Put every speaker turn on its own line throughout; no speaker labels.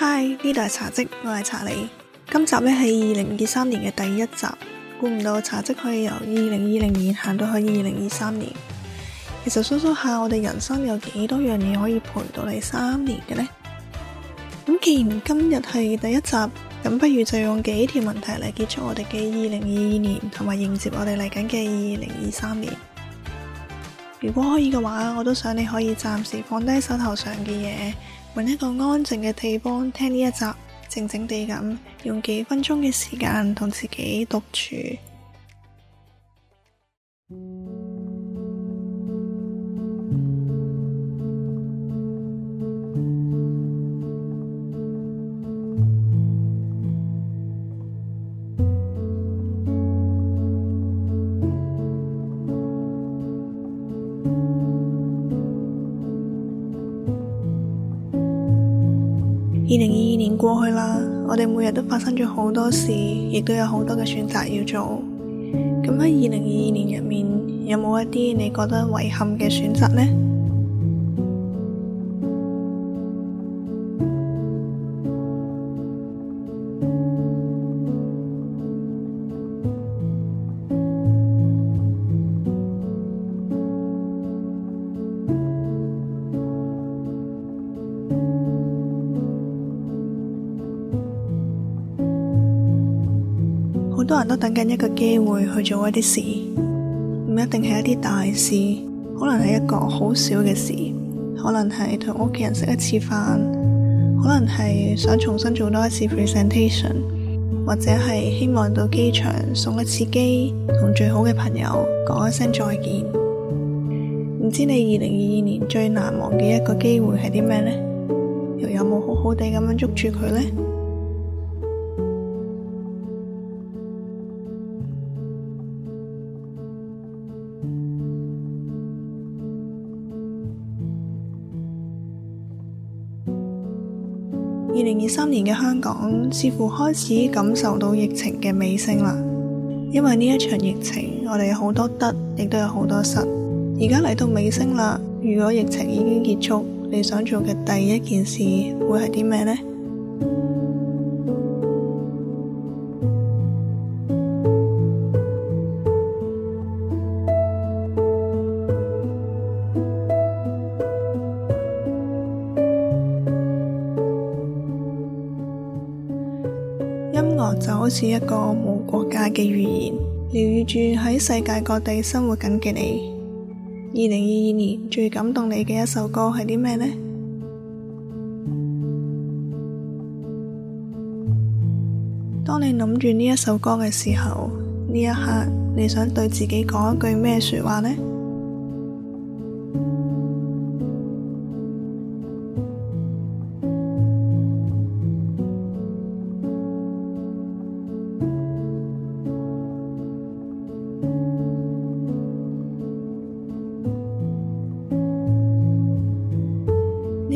Hi，呢度係茶嘖，我係查理。今集呢係二零二三年嘅第一集，估唔到茶嘖可以由二零二零年行到去二零二三年。其實數數下，我哋人生有幾多樣嘢可以陪到你三年嘅呢？咁既然今日係第一集，咁不如就用幾條問題嚟結束我哋嘅二零二二年，同埋迎接我哋嚟緊嘅二零二三年。如果可以嘅話，我都想你可以暫時放低手頭上嘅嘢。揾一個安靜嘅地方，聽呢一集，靜靜地咁，用幾分鐘嘅時間同自己獨處。二零二二年過去啦，我哋每日都發生咗好多事，亦都有好多嘅選擇要做。咁喺二零二二年入面，有冇一啲你覺得遺憾嘅選擇呢？好多人都等緊一個機會去做一啲事，唔一定係一啲大事，可能係一個好小嘅事，可能係同屋企人食一次飯，可能係想重新做多一次 presentation，或者係希望到機場送一次機，同最好嘅朋友講一聲再見。唔知你二零二二年最難忘嘅一個機會係啲咩呢？又有冇好好地咁樣捉住佢呢？二零二三年嘅香港似乎開始感受到疫情嘅尾聲啦，因為呢一場疫情，我哋有好多得，亦都有好多失。而家嚟到尾聲啦，如果疫情已經結束，你想做嘅第一件事會係啲咩呢？就好似一個冇國家嘅語言，療愈住喺世界各地生活緊嘅你。二零二二年最感動你嘅一首歌係啲咩呢？當你諗住呢一首歌嘅時候，呢一刻你想對自己講一句咩說話呢？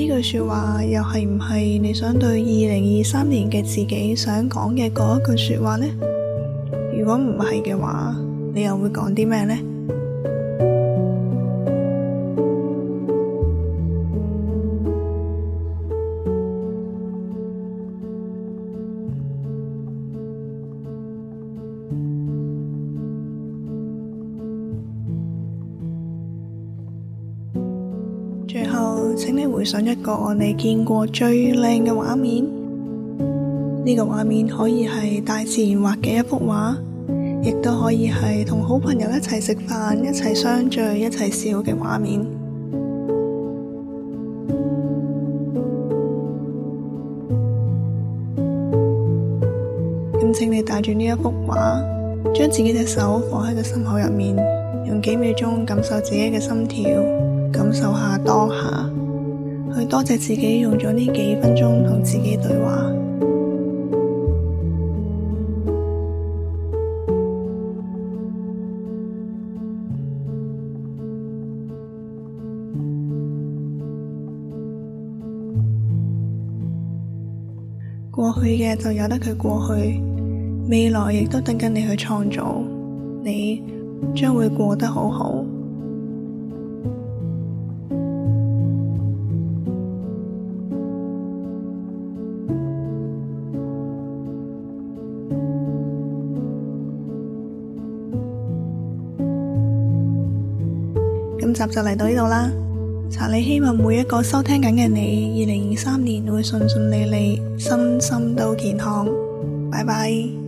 呢句說話又係唔係你想對二零二三年嘅自己想講嘅嗰一句說話呢？如果唔係嘅話，你又會講啲咩呢？最後，請你回想一個你見過最靚嘅畫面，呢個畫面可以係大自然畫嘅一幅畫，亦都可以係同好朋友一齊食飯、一齊相聚、一齊笑嘅畫面。咁，請你帶住呢一幅畫，將自己隻手放喺個心口入面，用幾秒鐘感受自己嘅心跳。感受下當下，去多謝自己用咗呢幾分鐘同自己對話。過去嘅就由得佢過去，未來亦都等緊你去創造，你將會過得好好。今集就嚟到呢度啦，查理希望每一個收聽緊嘅你，二零二三年會順順利利，身心都健康。拜拜。